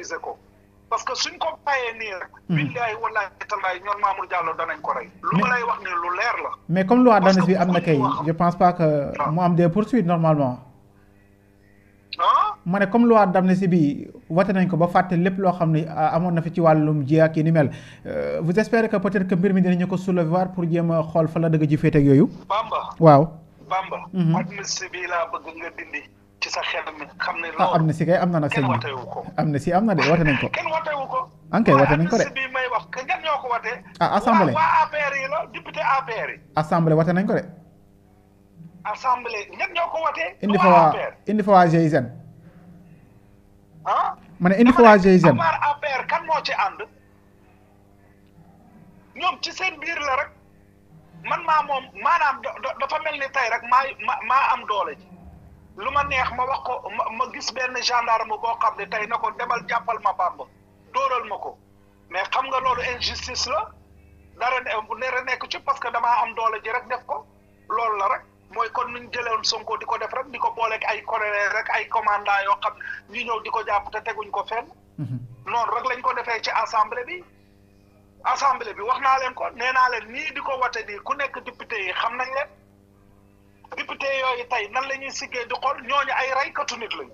valoriser ko parce que suñ ko bàyyee nii rek. Hmm. billahi wallahi talaay ñoom Mamour Diallo danañ ko rey. lu ma lay wax ni lu leer la. mais comme loi d'amnistie bi am na kay ah. ah? ne comme loi bi wate nañ ko ba fàtte lépp loo xam ne ah, amoon na fi ci wàllum ji ak yi ni mel euh, vous espérez que peut-être que mbir mi dinañu ko soulever pour jéem xool fa la dëgg ji féete ak yooyu. Bamba waaw. Bamba. Mhm. amnistie bi laa bëgg nga dindi. ci sa xel mi xam ne ah, loolu am na si am na nag sëñ de woote nañ ko kenn wootewu ko an kay woote nañ ko de bi may wax que ngeen ñoo ko wootee ah assemblée waa APR yi nañ ko de assemblée e ah? ne e ñoom ci seen biir la rek man maa moom maanaam dafa mel ni tey rek maa am doole lu ma neex ma wax ko ma ma gis benn gendarme boo xam ne tey na ko demal jàppal ma Bamba dóoral ma ko mais xam nga loolu injustice la dara ne nekk ci parce que damaa am doole ji rek def ko loolu la rek mooy kon nuñ jëlewoon Sonko di ko def rek di ko booleeg ay colonel rek ay commandant yoo xam ñu ñëw di ko jàpp te teguñ ko feen mhm. noonu rek lañ ko defee ci assemblée bi. assemblée bi wax naa leen ko nee naa leen nii di ko wate ku nekk député yi xam nañ leen. député yooyu tey nan la ñuy siggee di xool ñooñu ay raykatu nit lañu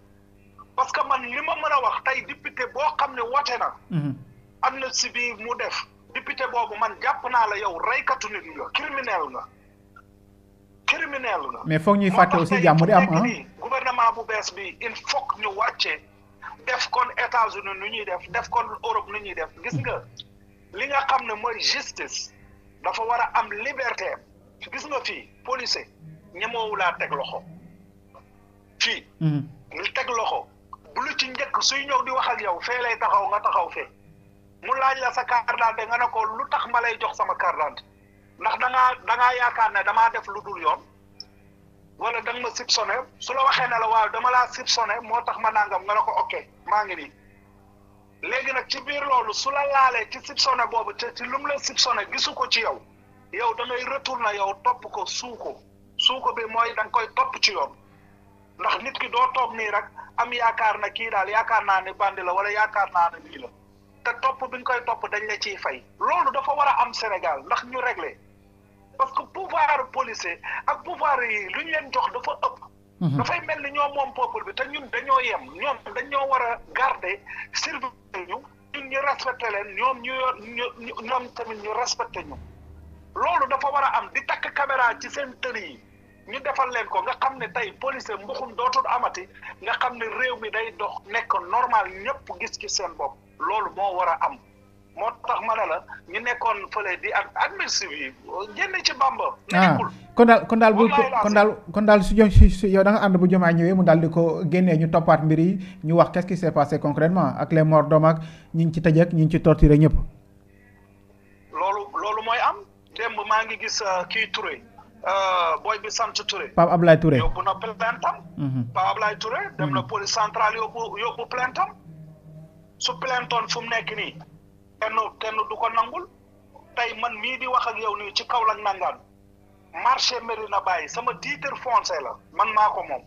parce que man li ma mën a wax tey député boo xam ne woote na mhm. amnistie mu def député boobu man jàpp naa la yow raykatu nit nga criminel nga criminel nga mais foog ñuy fàtte aussi jàmm di am ah. gouvernement bu bees bi il faut ñu wàcce def kon États-Unis nu ñuy def def kon Europe nu ñuy def gis nga li nga xam ne mooy justice dafa war a am liberté gis nga fii policier ñemoowu laa teg loxo fii hmm. ñu teg loxo bu lu ci njëkk suy ñëw di wax ak yow fee lay taxaw nga taxaw fee mu laaj la sa carte d'identité nga ne ko lu tax ma lay jox sama carte ndax dangaa dangaa yaakaar ne damaa def lu dul yoon wala da ma soupçonné su la waxee ne la waaw dama laa soupçonné moo tax ma nangam nga ne ko ok maa ngi nii léegi nag ci biir loolu su la laalee ci soupçonné boobu te ci lu la soupçonné gisu ko ci yow yow da ngay na yow topp ko suu ko suuko ko bi mooy da koy topp ci yoon ndax nit ki doo toog nii rek am yaakaar na kii daal yaakaar naa ne bandi la wala yaakaar naa ne lii la te topp bi nga koy topp dañ la ciy fay loolu dafa war a am Sénégal ndax ñu réglé parce que pouvoir policier ak pouvoir yi lu ñu leen jox dafa ëpp mhm. dafay mel ni ñoom moom peuple bi te ñun dañoo yem ñoom dañoo war a garder service ñu ñun ñu respecté leen ñoom ñu ñoom tamit ñu respecté ñu loolu dafa war a am di takk caméra ci seen tër yi ñu defal leen ko nga xam ne tey police mbuxum dootul amati nga xam ne réew mi day dox nekk normal ñëpp gis ci seen bopp loolu moo war am moo tax la ñu nekkoon fële ak administratif ah, kon daal kon daal bu kon daal kon daal su su yow da nga ànd bu jomaay mu daal di ko génnee ñu toppaat mbir yi ñu wax qu'est-ce qui s'est passé concrètement ak les morts d'hommes ngi ci tëj ak ngi ci torturé ñëpp loolu loolu mooy am démb maa ngi gis euh, kii Touré Euh, booy bi sant Touré. Pape Ablaye Touré yóbbu na plaintam. Mhm. Pape Ablaye Touré dem na police centrale yóbbu yóbbu plaintam su plaintoon fu mu nekk nii kenn kenn du ko nangul tey man mii di wax ak yow nii ci kaw lañ nangaan marché Médina Baye sama titre foncier la man maa ko moom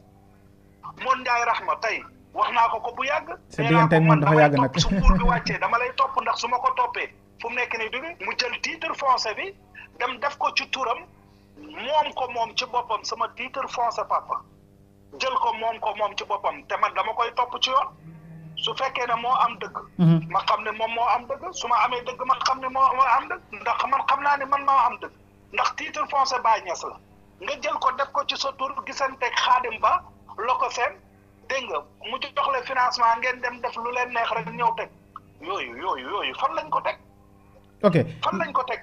Mon Ndiaye Rahma tey wax naa ko ko bu yàgg. sa diggante moom dafa yàgg nag su nguur bi wàccee dama lay topp ndax suma ko toppee fu mu nekk nii du mu jël titre foncier bi dem def ko ci turam. moom ko moom ci boppam sama titre foncier papa jël ko moom ko moom ci boppam te man dama koy topp ci yoon su fekkee ne moo am dëkk mhm. ma xam ne moom moo am dëgg su ma amee dëgg ma xam ne moo moo am ndax man xam naa ne man maa am dëgg ndax titre foncier Baye Niass la nga jël ko def ko ci sa tur gisanteeg xaadim ba la ko seen dégg nga mu jox la financement ngeen dem def lu leen neex rek ñëw teg yooyu yooyu yooyu fan lañ ko teg. ok fan lañ ko teg.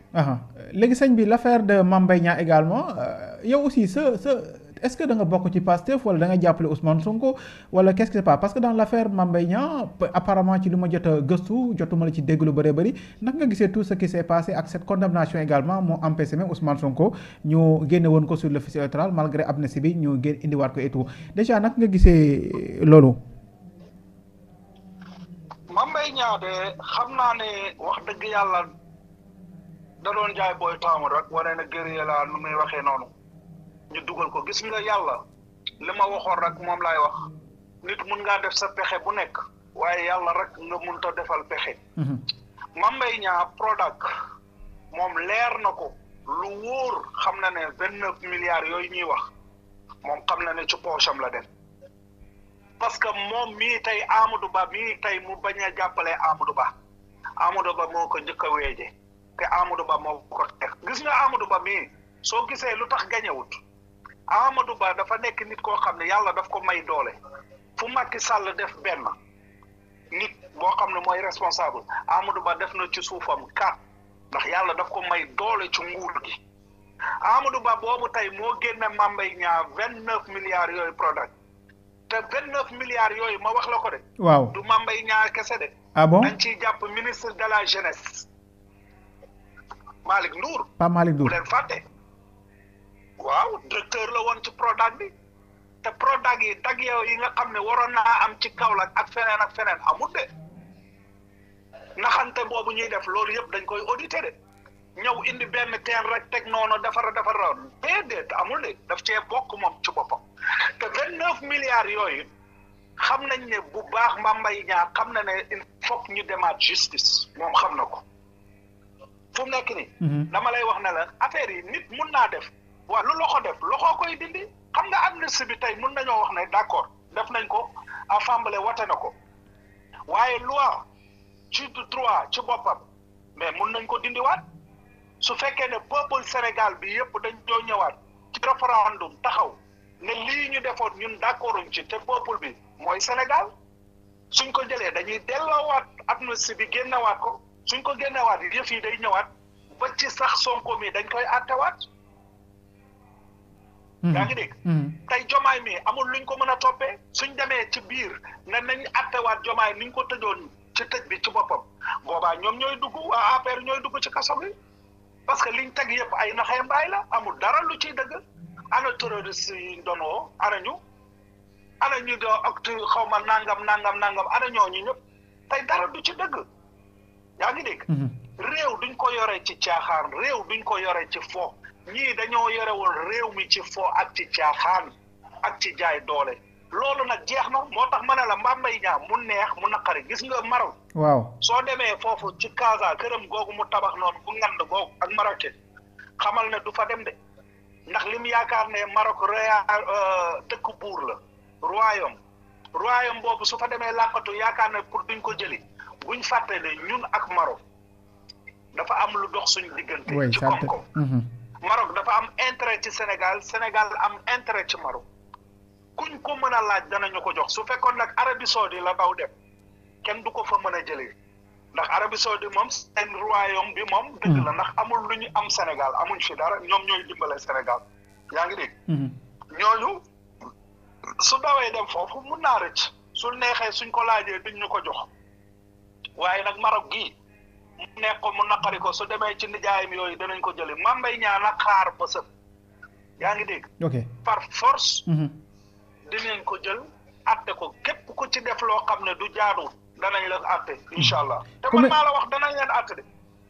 léegi sëñ bi l' affaire de Mame également euh, yow aussi sa sa est ce que da nga bokk ci Pastef wala da jàppale Ousmane Sonko wala qu' est ce que parce que dans l' affaire Mame Mbaye Niang apparemment ci lu ma jot a gëstu jotuma la ci dégg lu bëree bëri naka nga gisee tout ce qui s' est passé ak cette condamnation également moo empêché même Ousmane Sonko ñu génne woon ko sur le fichier électoral malgré amnistie bi ñu génn indiwaat ko et tout nga gisee euh, loolu. da doon jaay booy taamu rek wane na guerrier laa nu may waxee noonu ñu dugal ko gis nga yàlla li ma waxoon rek moom laay wax nit mun ngaa def sa pexe bu nekk waaye yàlla rek nga munta defal pexe mhm. mambay ñaa Prodac moom leer na ko lu wóor xam na ne vingt neuf yooyu ñuy wax moom xam na ne ci poche la def parce que moom mii tey Amadou Ba mii tey mu bañ a jàppale Amadou Ba Amadou Ba moo ko njëkk a weeje te Amadou Ba moo ko xeex gis nga Amadou Ba soo gisee lu tax gañewut Amadou Ba dafa nekk nit koo xam ne yàlla daf ko may doole fu Macky Sall def benn nit boo xam ne mooy responsable Amadou Ba def na ci suufam kat ndax yàlla daf ko may doole ci nguur gi Amadou Ba boobu tey moo génne mambay ñaar vingt neuf milliards yooyu product te vingt neuf milliards yooyu ma wax la ko de. waaw du mambay ñaar kese de. ah jàpp ministre de la jeunesse. Malick Ndour. Pape leen fàtte. waaw directeur la woon ci Prodac bi te Prodac yi dag yow yi nga xam ne waroon naa am ci Kaolack ak feneen ak feneen amul de naxante boobu ñuy def loolu yëpp dañ koy auditer de ñëw indi benn teen rek teg noonu defar defar raw déedéet amul de daf cee bokk moom ci boppam te vingt neuf milliards yooyu xam nañ ne bu baax Mbaye ñaar xam na ne il faut ñu demaat justice moom xam na ko. nekk nii. Mhm. dama lay wax ne la affaire yi nit mun naa def. waaw lu loxo def loxo koy dindi xam nga amnistie bi tey mun nañoo wax ne d'accord def nañ ko assemblée wate na ko waaye loi ci droit ci boppam mais mun nañ ko dindiwaat su fekkee ne peuple Sénégal bi yëpp dañ doo ñëwaat ci référendum taxaw ne lii ñu defoon ñun d'accorduñ ci te peuple bi mooy Sénégal suñ ko jëlee dañuy delloowaat amnistie bi génnewaat ko suñ ko génnewaat yëf yi day ñëwaat. ba ci sax Sonko mi dañ koy àttewaat. Hmm. yaa ngi dégg. Hmm. tey jomaay mi amul luñ ko mën a toppee suñ demee ci biir ne nañ àttewaat jomaay niñ ko tëjoon ci tëj bi ci boppam boobaa ñoom ñooy dugg waa APR ñooy dugg ci kaso bi parce que liñ teg yëpp ay naxee mbaay la amul dara lu ciy dëgg ana terroriste yi doon woo ana ñu ana ñu do ak xaw ma nangam nangam nangam ana ñooñu ñëpp tey dara du ci dëgg. yaa ngi dégg. Mhm. réew duñ ko yore ci caaxaan réew duñ ko yore ci fo ñii dañoo yore woon réew mi ci fo ak ci caaxaan ak ci jaay doole loolu nag jeex na moo tax ma ne la Mame Mbaye Niang mu neex mu naqari gis nga Maroc. waaw soo demee foofu ci Casa këram googu mu tabax noonu bu ngand googu ak Marrakech xamal ne du fa dem de ndax li mu yaakaar ne Maroc réa euh, dëkk buur la royaume royaume boobu su fa demee làqatu yaakaar ne pour duñ ko jëli. buñ fàtte ne ñun ak Maroc dafa am lu dox suñu diggante ci koom-koom mhm. Maroc dafa am intérêt ci Sénégal Sénégal am intérêt ci Maroc kuñ ko mën a laaj danañu ko jox su fekkoon nag Arabie Saoudi la daw dem kenn du ko fa mën a jëlee ndax Arabie Saoudi moom seen royaume bi moom dëgg la mhm. ndax amul lu ñu am Sénégal amuñ fi dara ñoom ñooy dimbale Sénégal yaa ngi dégg mhm. ñooñu su dawee dem foofu mun naa rëcc su neexee suñ ko laajee duñ ñu ko jox waaye nag Maroc gii mu nekk ko mu naqari ko su demee ci nijaayam yooyu danañ ko jële ma Mbaye Niang xaar ba sëb yaa ngi dégg. ok par force. Mhm. dinañ ko jël atte ko képp ku ci def loo xam ne du jaaduwul danañ la atte incha allah. Mhm. te mën naa la wax danañ leen atte de.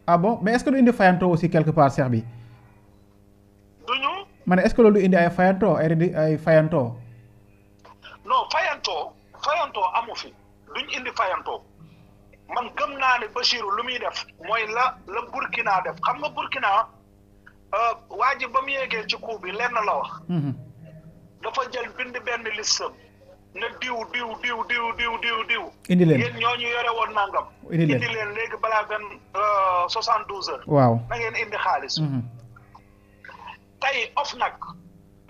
ah bon mais est du indi fayanto aussi quelque part seex bi. du ñu. ma ne est-ce que loolu du indi ay fayanto ay redi ay fayanto. non fayanto fayanto amu fi duñ indi fayanto. man gëm naa ne lu muy def mooy la la Burkina def xam nga Burkina euh, waa ji ba mu yéegee ci coup bi lenn la wax. Mhm. dafa jël bind benn listam na diw diw diw diw diw diw diw. indi leen yéen ñoo ñu yore woon nangam. indi leen indi léegi balaa benn euh, soixante douze heures. waaw na indi xaalis. Mhm. tey of nag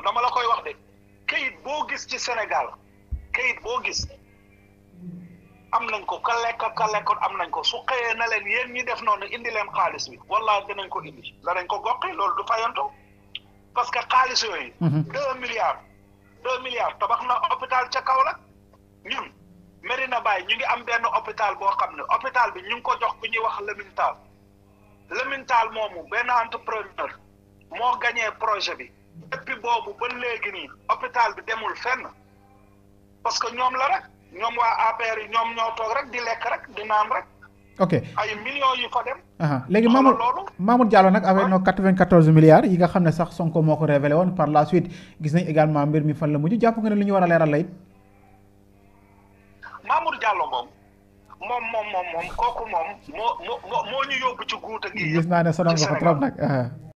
dama la koy wax de kayit boo gis ci senegal kayit boo gis. am nañ ko ka lekk lekkoon am nañ ko su xëyee na leen yéen ñi def noonu indi leen xaalis bi wallaahi danañ ko indi danañ ko goqi loolu du fayanto parce que xaalis yooyu. Mhm. deux milliards deux milliards tabax na hôpital ca Kaolack ñun Medina Baye ñu ngi am benn hôpital boo xam ne hôpital bi ñu ngi ko jox ku ñuy wax Lamine Tall Lamine Tall moomu benn entrepreneur moo gagné projet bi depuis boobu ba léegi nii hôpital bi demul fen parce que ñoom la rek. ñoom waa APR yi ñoom ñoo toog rek di lekk rek di naan rek. ok ay millions yu fa dem. léegi Mamour Mamour Diallo nag avec nos quatre-vingt-quatorze milliards yi nga xam ne sax Sonko moo ko révélé woon par la suite gis nañ également mbir mi fan la mujj jàpp nga ne lu ñu war a leeral la it. Mamour moom. moom moom moom moom kooku moom moo moo moo ñu yóbbu ci guut ak. gis naa ne sonal nga ko trop nag.